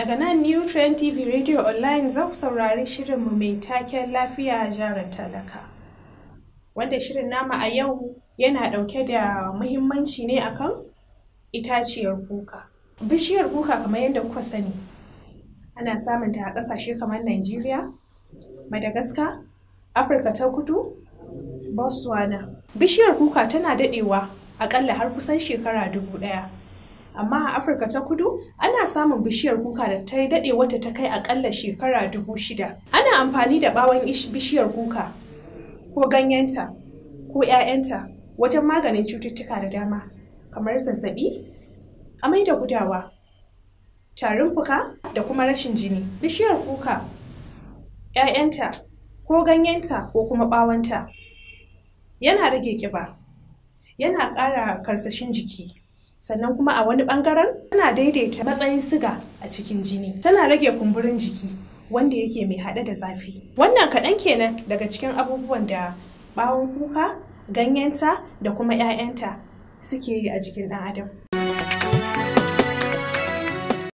Daga nan New Trend TV Radio Online za saurari shirin mu mai taken lafiya jihar talaka. Wanda shirin nama a yau yana dauke da muhimmanci ne akan itaciyar kuka. Bishiyar kuka kamar yadda kuka sani, ana samunta a ƙasashe kamar Najeriya, Madagascar, Afirka ta kudu, Botswana. Bishiyar kuka tana daɗewa akalla har kusan shekara dubu ɗaya. amma a Afirka ta kudu ana samun bishiyar kuka da ta daɗe wata ta kai akalla shekara dubu shida. Ana amfani da ɓawon bishiyar kuka ko ganyenta ko 'ya'yanta wajen maganin cututtuka da dama kamar zazzabi, amai da gudawa, tarin fuka da kuma rashin jini. Bishiyar kuka, 'ya'yanta ko ganyenta ko kuma ɓawonta yana rage ƙiba, yana ƙara karsashin jiki. sannan kuma a wani bangaren tana daidaita matsayin siga a cikin jini tana rage kumburin jiki wanda yake mai haɗe da zafi wannan kaɗan kenan daga cikin abubuwan da ɓawon kuka ganyenta da kuma 'ya'yanta suke yi a jikin ɗan adam